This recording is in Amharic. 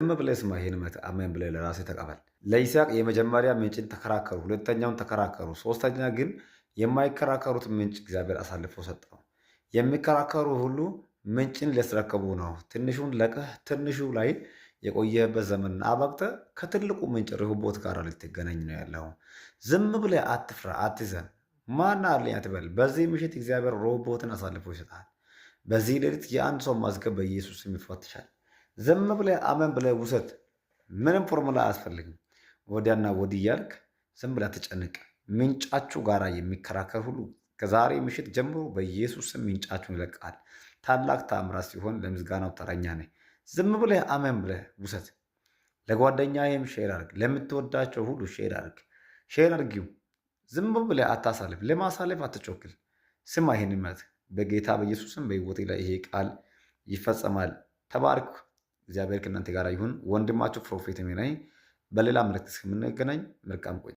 ዝም ብለህ ስማ፣ ይሄን አሜን ብለህ ለራስህ ተቀበል። ለይስሐቅ የመጀመሪያ ምንጭን ተከራከሩ፣ ሁለተኛውን ተከራከሩ፣ ሶስተኛ ግን የማይከራከሩት ምንጭ እግዚአብሔር አሳልፎ ሰጠው። የሚከራከሩ ሁሉ ምንጭን ሊያስረከቡ ነው። ትንሹን ለቀህ ትንሹ ላይ የቆየህበት ዘመን አበቅተ ከትልቁ ምንጭ ርህቦት ጋር ልትገናኝ ነው ያለው። ዝም ብለህ አትፍራ፣ አትዘን፣ ማን አለኝ አትበል። በዚህ ምሽት እግዚአብሔር ርህቦትን አሳልፎ ይሰጣል። በዚህ ሌሊት የአንድ ሰው መዝገብ በኢየሱስ ይፈተሻል። ዝም ብለህ አመን ብለህ ውሰድ። ምንም ፎርሙላ አያስፈልግም። ወዲያና ወዲህ እያልክ ዝም ብለህ ተጨንቅ። ምንጫችሁ ጋራ የሚከራከር ሁሉ ከዛሬ ምሽት ጀምሮ በኢየሱስ ስም ምንጫችሁን ይለቃል። ታላቅ ተአምራት ሲሆን ለምስጋናው ተረኛ ነህ። ዝም ብለህ አመን ብለህ ውሰድ። ለጓደኛዬም ሼር አድርግ። ለምትወዳቸው ሁሉ ሼር አድርግ። ሼር አድርጊው። ዝም ብለህ አታሳልፍ። ለማሳለፍ አትቸኩል። ስማ ይህን እምነት በጌታ በኢየሱስም በሕይወቴ ላይ ይሄ ቃል ይፈጸማል። ተባርኩ። እግዚአብሔር ከእናንተ ጋር ይሁን። ወንድማችሁ ፕሮፌት ሚናይ በሌላ መልእክት እስከምንገናኝ መልካም ቆይ